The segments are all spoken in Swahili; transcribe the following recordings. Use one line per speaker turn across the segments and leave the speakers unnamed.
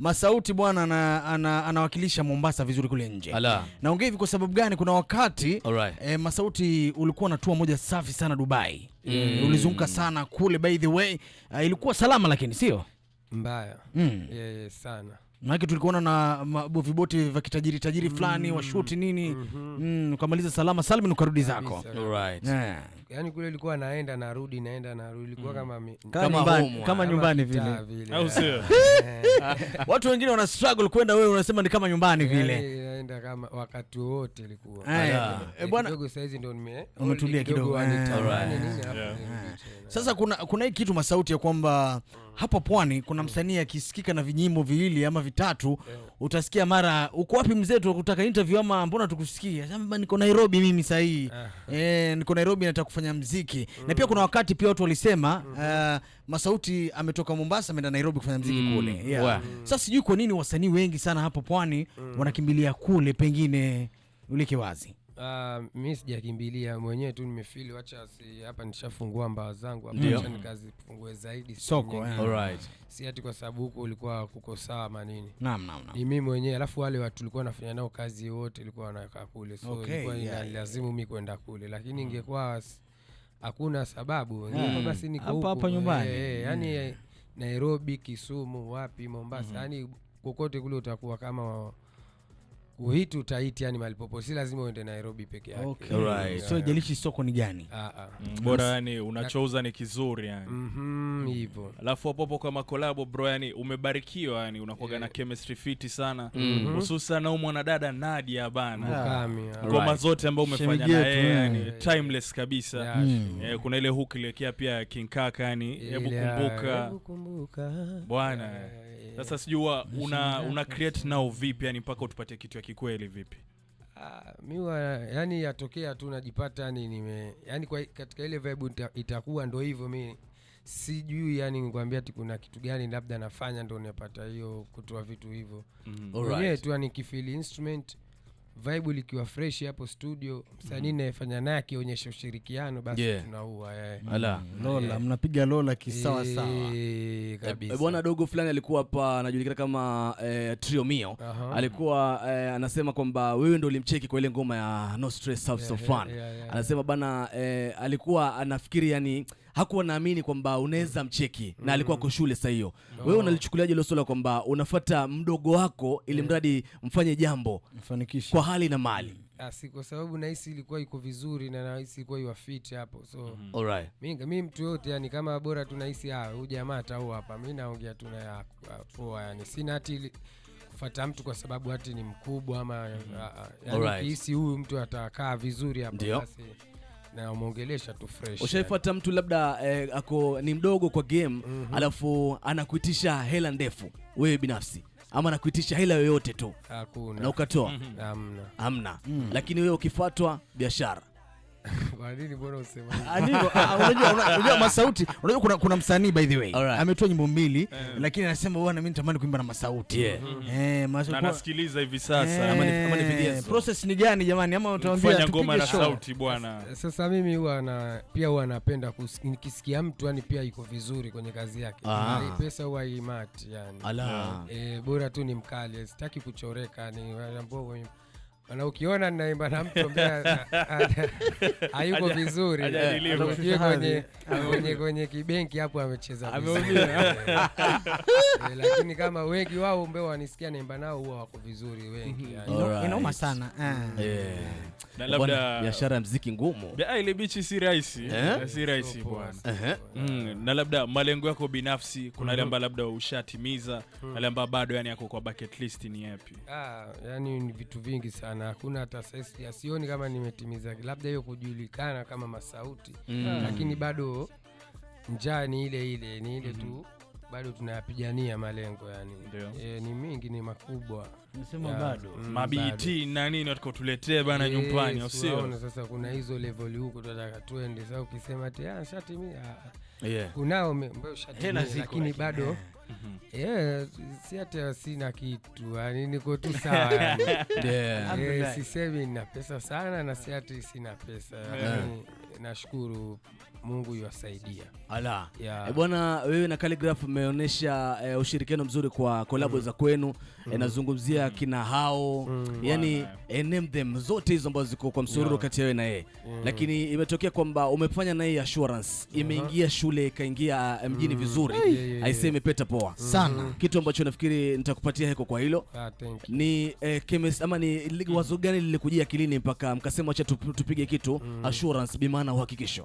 Masauti bwana anawakilisha ana, ana Mombasa vizuri kule nje. Naongea hivi kwa sababu gani? Kuna wakati e, Masauti ulikuwa na tua moja safi sana Dubai. Mm. Ulizunguka sana kule by the way. Uh, ilikuwa salama lakini sio mbaya. Mm.
Yeah, yeah, sana.
Maanake tulikuona na boviboti vya kitajiri tajiri mm. fulani mm. washuti nini mm -hmm. mm, ukamaliza salama salmin ukarudi zako. All right. Yeah
yani kule ilikuwa naenda narudi naenda narudi ilikuwa mm.
kama kama nyumbani, vile.
au sio?
Eh. Watu wengine wana struggle kwenda, wewe unasema ni kama nyumbani yaani vile.
naenda kama wakati wote ilikuwa Eh, yaani ah. Eh, bwana- kidogo saizi ndio nime
Umetulia oh, kidogo,
eh. yaani eh.
Sasa kuna kuna hii kitu masauti ya kwamba hapo pwani kuna msanii akisikika na vinyimbo viwili ama vitatu, utasikia mara uko wapi mzee, tunakutaka interview ama mbona tukusikia? Sema, niko Nairobi mimi sahii ah. eh, niko Nairobi nataka kufanya mziki mm. na pia mm. kuna wakati pia watu walisema mm -hmm. uh, Masauti ametoka Mombasa ameenda Nairobi kufanya mziki mm. kule yeah. wow. mm. Sasa sijui kwa nini wasanii wengi sana hapo pwani mm. wanakimbilia kule, pengine uliki wazi
Uh, ah, mi sijakimbilia mwenyewe tu nimefeel, wacha si hapa nishafungua mbao zangu hapa, acha nikazifungue zaidi
soko yeah.
right.
si ati kwa sababu huko ulikuwa kuko sawa manini. Naam, naam, naam. Ni mimi mwenyewe alafu wale watu tulikuwa nafanya nao kazi wote ilikuwa wanakaa kule so okay, ilikuwa yeah, lazimu yeah. mi kwenda kule lakini mm. ingekuwa mm hakuna sababu hmm. basi niko hapa
nyumbani eh, eh,
yani hmm. Nairobi Kisumu wapi Mombasa hmm. yani kokote kule utakuwa kama Uhiti utaiti yani mahali popote, si lazima uende Nairobi peke yake. Okay.
Right. So jalishi soko ni gani.
Ah ah.
Mm, mm, bora yani unachouza ni kizuri yani.
Mhm, hivyo.
Alafu hapo kwa makolabo bro, yani umebarikiwa yani unakuwa na chemistry fiti sana. Mm-hmm. Hususan mm-hmm. na mwanadada Nadia bana. Ngoma zote ambazo umefanya na yeye yani timeless kabisa. yeah, yeah. Mm. Eh, yeah, Kuna ile hook ilekea pia King Kaka yani hebu
kumbuka.
Bwana. yeah, yeah. Sasa sijua una una create nao vipi yani mpaka utupatie kitu ya kikweli vipi?
Uh, mi yani yatokea tu najipata yani nime yani kwa, katika ile vibe itakuwa ndo hivyo. Mi sijui yani nikwambia ati kuna kitu gani labda nafanya ndo napata hiyo kutoa vitu hivyo
mm-hmm. right.
tu yani kifili instrument vibe likiwa fresh hapo studio msanii mhm. nayefanya naye akionyesha ushirikiano basi yeah. tunaua yeah.
Mm-hmm. Ala. Mm-hmm. lola yeah. mnapiga lola kisawa eh, sawa
e, kabisa
eh, bwana dogo fulani alikuwa hapa anajulikana kama eh, trio mio uh-huh. alikuwa eh, anasema kwamba wewe ndo ulimcheki kwa ile ngoma ya no stress yeah, so fun yeah, yeah, yeah, anasema bana eh, alikuwa anafikiri yani hakuwa naamini kwamba unaweza mcheki mm. na alikuwa kwa shule sasa hiyo no. Wewe unalichukuliaje hilo swala kwamba unafuata mdogo wako ili eh. mradi mfanye jambo mfanikishe kwa hali na mali? Mm.
Asi, ah, kwa sababu nahisi ilikuwa iko vizuri na nahisi ilikuwa iwa fit hapo, so mm. Mm-hmm. Alright, mimi mimi mtu yote yani, kama bora tunahisi ah, huyu jamaa tau hapa, mimi naongea tu ya poa, yani sina hati kufuata mtu kwa sababu hati ni mkubwa ama, mm-hmm. ah, ah, yani kihisi huyu mtu atakaa vizuri hapo basi namuongelesha tu fresh.
mtu labda eh, ako ni mdogo kwa game mm -hmm. Alafu anakuitisha hela ndefu wewe binafsi ama anakuitisha hela yoyote tu na ukatoa hamna mm -hmm. mm. Lakini wewe ukifuatwa biashara Ah, ah, ah, masauti, unajua kuna, kuna msanii by the way right. ametoa nyimbo mbili mm. lakini anasema bwana, mimi nitamani kuimba na masauti. yeah. mm. eh,
Nasikiliza hivi sasa,
eh, process ni gani jamani? Ama
utaambia ngoma na sauti bwana.
Sasa mimi huwa na pia huwa napenda nikisikia mtu yani pia iko vizuri kwenye kazi yake, ah. pesa huwa imati yani, eh, bora tu ni mkali, sitaki kuchoreka ni ambao na ukiona ninaimba na mtu ambaye hayuko vizuri, ujue eh, kwenye kwenye kwenye kibenki hapo amecheza
ameumia. Eh,
eh, lakini kama wengi wao ambao wanisikia naimba nao huwa wako vizuri wengi,
mhm. inauma sana na labda biashara ya mziki ngumu,
ah, ile bichi si rahisi, si rahisi bwana. Mm, na labda malengo yako binafsi, kuna yale mhm. ambayo labda ushatimiza, mhm. yale ambayo bado yani yako kwa bucket list ni yapi?
Ah, yani ni vitu vingi sana na hakuna hata sasa, kama nimetimiza, labda hiyo kujulikana kama masauti mm. Lakini bado njaa ni ile ile, ni ile mm -hmm. tu bado tunayapigania malengo yani. E, ni mingi ni makubwa
nasema bado
mm, mabiti e na nini tukotuletee bana nyumbani, usio
sasa kuna hizo level huko tunataka twende sasa, ukisema ati ah, ah kunao mbeo shatimia, lakini bado eh. Mm-hmm. siata sina kitu yani, niko tu sawa. Eh, eh, sisemi nina pesa sana na siati sina pesa yani, nashukuru Mungu iwasaidia Ala. Yeah. E,
bwana wewe na Khaligraph umeonyesha e, eh, ushirikiano mzuri kwa kolabo mm. za kwenu mm. E, nazungumzia mm. kina hao mm. yani e, them zote hizo ambazo ziko kwa msururu kati ya wewe na yeye mm. lakini imetokea kwamba umefanya yeye assurance uh-huh. imeingia uh -huh. shule ikaingia mjini mm. vizuri aisee imepeta po poa mhm. sana. mm -hmm. Kitu ambacho nafikiri nitakupatia heko kwa hilo. Ah, Ni eh, chemist ama ni mm -hmm. wazo gani lilikujia kilini mpaka mkasema acha tupige kitu mm -hmm. assurance bi maana uhakikisho?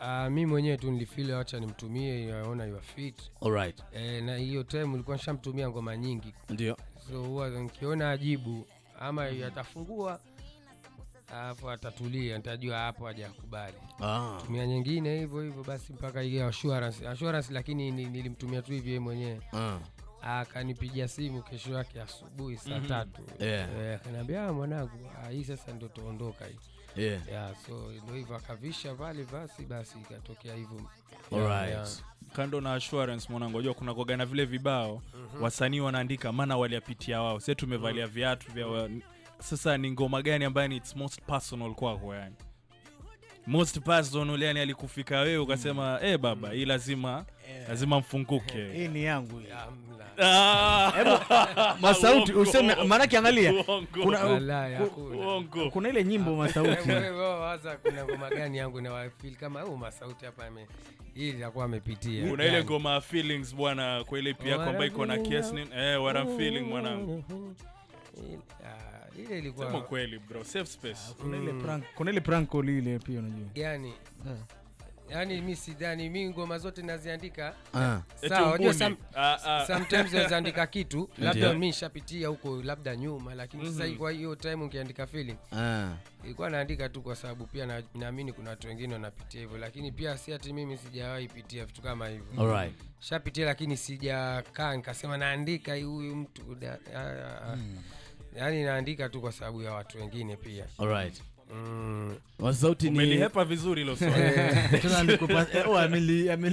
Uh, ah, mi mwenyewe tu nilifeel acha nimtumie yaona you are fit. All right. e, na hiyo time ulikuwa nishamtumia ngoma nyingi. Ndio. So huwa nikiona ajibu ama mm -hmm. yatafungua hapo atatulia, nitajua hapo hajakubali. Ah. Tumia nyingine hivyo hivyo basi mpaka ile assurance. Assurance lakini nilimtumia tu hivi yeye mwenyewe. Ah. Akanipigia simu kesho yake asubuhi saa mm -hmm. tatu. Yeah. E, mwanangu, ah, hii sasa ndo tuondoka hii. Yeah. Yeah, so ndo hivyo akavisha pale basi basi ikatokea hivyo.
Alright.
Kando na assurance mwanangu, unajua kuna kogana vile vibao mm -hmm. wasanii wanaandika maana waliapitia wao. Sisi tumevalia mm -hmm. viatu vya sasa ni ngoma gani ambayo ni it's most personal kwako yani most personal yani alikufika wewe ukasema mm. Eh, baba hii lazima yeah. Lazima mfunguke
hii ni yangu ya.
Ah, Masauti useme maanake, angalia kuna, kuna. ile nyimbo ah. Masauti
waza kuna ngoma gani yangu na feel kama huyu Masauti hapa ame hii itakuwa amepitia.
Kuna ile yaani. ngoma feelings bwana, kwa ile pia kwamba iko na kiasi nini eh, what I'm feeling mwanangu
Ah, ile ilikuwa
kweli bro, safe space.
Ah, mm. Kuna ile prank, kuna ile pranko lile pia unajua
yani ah. Yaani mi sidhani, mi ngoma zote naziandika sawa. Unajua kitu labda mi shapitia huko labda nyuma, lakini sasa mhm. kwa hiyo time ukiandika feeling ilikuwa naandika tu, kwa sababu pia naamini kuna watu wengine wanapitia hivyo, lakini pia si ati mimi sijawahi pitia vitu kama hivyo. Alright, shapitia, lakini sijakaa nikasema naandika huyu mtu da, a, Mm yani naandika tu kwa sababu ya watu wengine pia. Alright. Mm.
Wasauti ni
umelihepa vizuri hilo swali. Eh.
Eh, oh,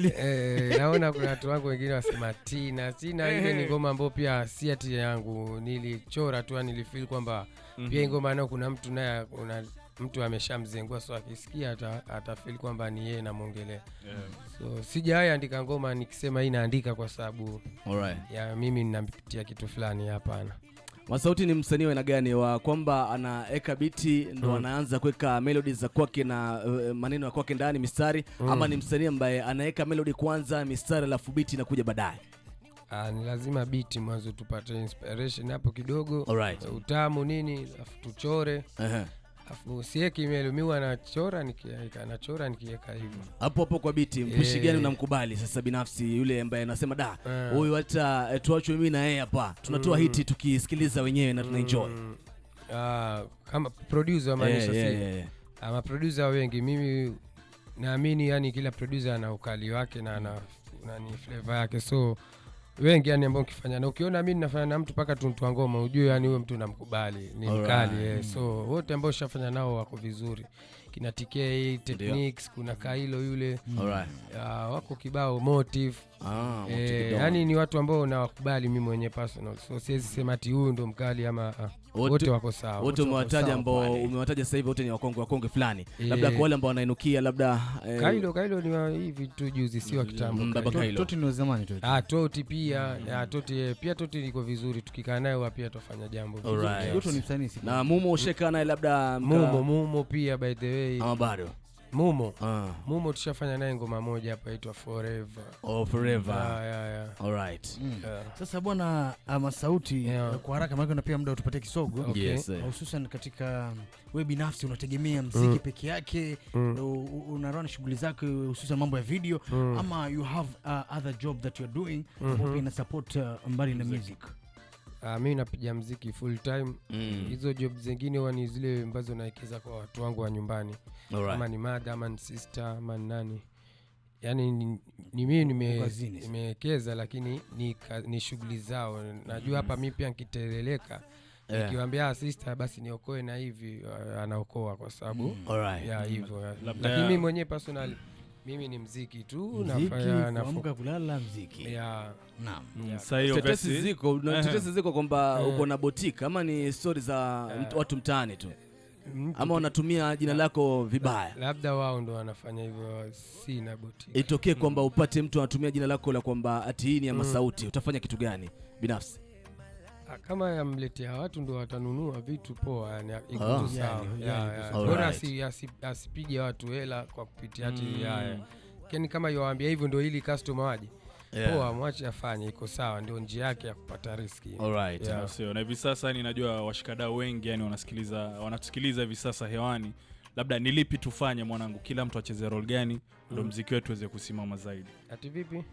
eh, naona kuna watu wangu wengine wasema Tina. Tina ile eh. ni ngoma ambayo pia si ati yangu, nilichora tu, yaani nilifeel kwamba mm -hmm. pia ngoma nayo kuna mtu naye kuna mtu ameshamzengua so akisikia atafeel ata kwamba ni yeye namwongelea. Yeah. So sijawahi andika ngoma nikisema hii naandika kwa sababu right. ya mimi ninapitia kitu fulani, hapana.
Masauti ni msanii wa aina gani? Wa kwamba anaeka biti ndo mm. anaanza kuweka melodi za kwake na uh, maneno ya kwake ndani mistari mm. ama ni msanii ambaye anaeka melody kwanza mistari alafu biti inakuja baadaye?
Ah, ni lazima biti mwanzo tupate inspiration hapo kidogo. Alright. Utamu nini alafu tuchore. uh -huh afu sie anachora nikiaika nikiweka hivyo
hapo hapo kwa biti mpishi gani eh. unamkubali sasa binafsi yule ambaye anasema da eh. huyu hata eh, tuachwe mimi na yeye hapa tunatoa mm. hiti tukisikiliza wenyewe na tunaenjoy mm.
uh, kama producer maanisha yeah, yeah, yeah. ama ah, producer wengi mimi naamini yani kila producer ana ukali wake na ana nani flavor yake so wengi yani ambao ukifanya na ukiona mimi ninafanya na mtu mpaka tuntua ngoma ujue yani huyo mtu namkubali ni Alright. mkali yeah. so wote ambao shafanya nao wako vizuri kina TK techniques kuna Kailo yule right. uh, ah, wako kibao motive Ah, eh, yani ni watu ambao nawakubali mimi mwenye personal, so siwezi sema ti huyu ndo mkali ama ah, wote wako sawa.
Wote umewataja ambao umewataja sasa hivi wote ni wakongwe wakongwe fulani e, labda kwa wale ambao wanainukia labda e,
Kailo Kailo ni hivi tu juzi, si wa kitambo.
Toti ni zamani Toti.
Ah, Toti pia ya ah, Toti pia Toti liko vizuri, tukikaa naye pia tufanya jambo
vizuri.
Right. Yes. Na Mumo usheka naye labda
Mumo Mumo pia by the way. Ama bado Mumo. Ah. Mumo tushafanya naye ngoma moja hapa inaitwa Forever.
Oh, Forever.
yeah, yeah.
All right.
Mm. Yeah. Sasa bwana ama sauti yeah. Kwa haraka maana na muda utupatie kisogo. Okay. Yes, hususan katika wewe binafsi unategemea mm. mziki mm. peke yake mm. unarun shughuli zako hususan mambo ya video mm. ama you have uh, other job that you are doing mm -hmm. ina support uh, mbali na music.
Uh, ah, mi napiga mziki full time mm. hizo mm. job zingine huwa ni zile ambazo nawekeza kwa watu wangu wa nyumbani right. ama ni madha ama ni sister ama ni nani yaani ni, ni mii nimewekeza lakini ni, ni shughuli zao najua hapa mm. mi pia nkiteleleka yeah. nikiwambia ah, sista basi niokoe na hivi ah, anaokoa kwa sababu mm. right. ya hivyo lakini mi mwenyewe personally mm mimi ni mziki tu
kuamka kulala mziki. Yeah. Naam. ziko, eh. tetesi ziko kwamba eh. uko na boti ama ni stori za yeah, watu mtaani tu ama wanatumia jina lako vibaya,
labda wao ndo wanafanya hivyo, sina boti.
Itokee kwamba upate mtu anatumia jina lako la kwamba ati hii ni ya mm. Masauti, utafanya kitu gani binafsi?
Ah, kama yamletea watu ndo watanunua vitu poa, yani ah. iko sawa, bora asipige watu hela kwa kupitia ati haya mm. yani, yaani, kama yowaambia hivyo ndo ili customer waje Yeah. Poa, mwache afanye, iko sawa, ndio njia yake ya kupata riski.
right.
Yeah. So, na hivi sasa ni najua washikadau wengi yani wanasikiliza wanatusikiliza hivi sasa hewani, labda ni lipi tufanye mwanangu, kila mtu acheze role gani ndio mm. mziki wetu uweze kusimama zaidi? Ati vipi?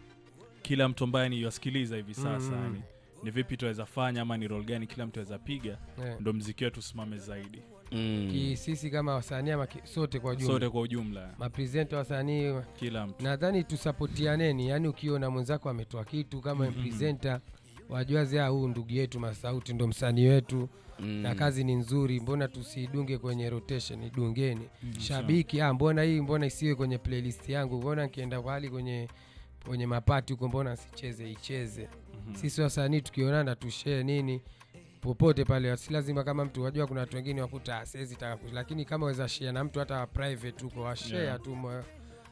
Kila mtu ambaye ni yasikiliza hivi sasa mm. yani ni vipi tunaweza fanya ama ni rol gani kila mtu aweza piga yeah. ndo mziki wetu usimame zaidi
mm.
Ki, sisi kama wasanii ama sote kwa ujumla,
sote kwa ujumla.
maprezenta wasanii kila mtu nadhani tusapotianeni yani ukiona mwenzako ametoa kitu kama mm-hmm. mprezenta wajuazi ah, huu ndugu yetu Masauti ndo msanii wetu mm. na kazi ni nzuri, mbona tusidunge kwenye rotation? Idungeni mm. Shabiki ah, mbona hii mbona isiwe kwenye playlist yangu? Mbona nikienda hali kwenye kwenye mapati huko, mbona sicheze icheze? mm -hmm. Sisi wasanii tukionana tushee nini popote pale, si lazima kama mtu wajua, kuna watu wengine wakuta siwezi taka, lakini kama waweza share na mtu hata private huko washare yeah. tu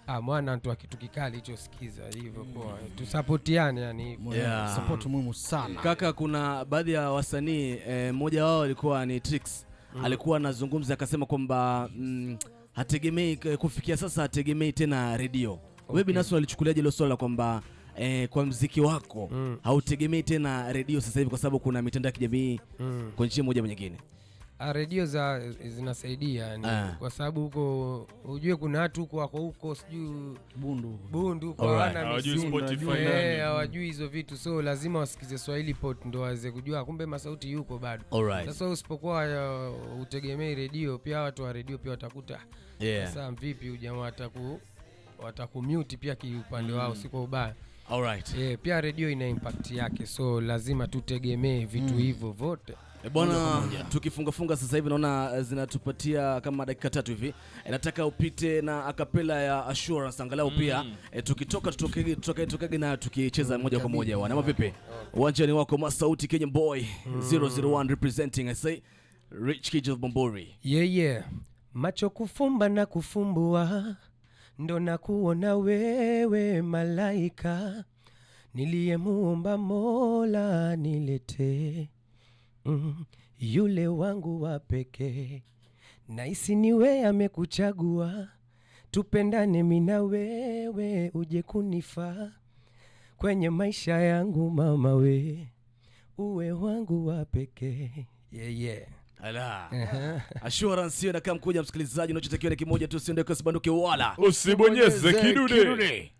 Ah, mwana mtu wa kitu kikali hicho sikiza hivyo mm. tusapotiane yani
yeah. Support muhimu sana kaka. Kuna baadhi ya wasanii eh, mmoja wao alikuwa ni tricks mm. Alikuwa anazungumza akasema kwamba mm, hategemei eh, kufikia sasa hategemei tena redio okay. binafsi unalichukuliaje hilo swala la kwamba eh, kwa mziki wako mm. hautegemei tena redio sasa hivi kwa sababu kuna mitandao ya kijamii mm. kwa njia moja nyingine?
Ah, redio za eh, zinasaidia yani, ah. kwa sababu huko ujue kuna watu huko wako huko sijui bundu bundu
eh,
hawajui hizo vitu, so lazima wasikize Swahili pot ndo waweze kujua kumbe masauti yuko bado. Sasa usipokuwa uh, utegemei redio, pia watu wa redio pia watakuta yeah. Sasa vipi ujamaa wataku watakumute pia kiupande wao mm. siko ubaya Alright. Yeah, pia redio ina impact yake so lazima tutegemee vitu mm. hivyo vote
e bwana, tukifungafunga sasa hivi naona eh, zinatupatia kama dakika tatu hivi e, nataka upite na akapela ya Assurance angalau pia e, tukitoka tutoke nayo tukicheza mm, moja kwa moja wana mavipi? Uwanjani wako Masauti Kenya boy mm. 001 representing I say Rich Kid of Bombori.
Yeah, yeah. Macho kufumba na kufumbua ndo nakuona wewe malaika niliyemuumba Mola niletee mm, yule wangu wa pekee na isiniwe amekuchagua tupendane mina wewe uje kunifaa kwenye maisha yangu mama we uwe wangu wa pekee yeah, yeah.
Ala. Assurance hiyo inakaa mkuja msikilizaji, unachotakiwa ni kimoja tu, usiondoke usibanduke wala
usibonyeze kidude.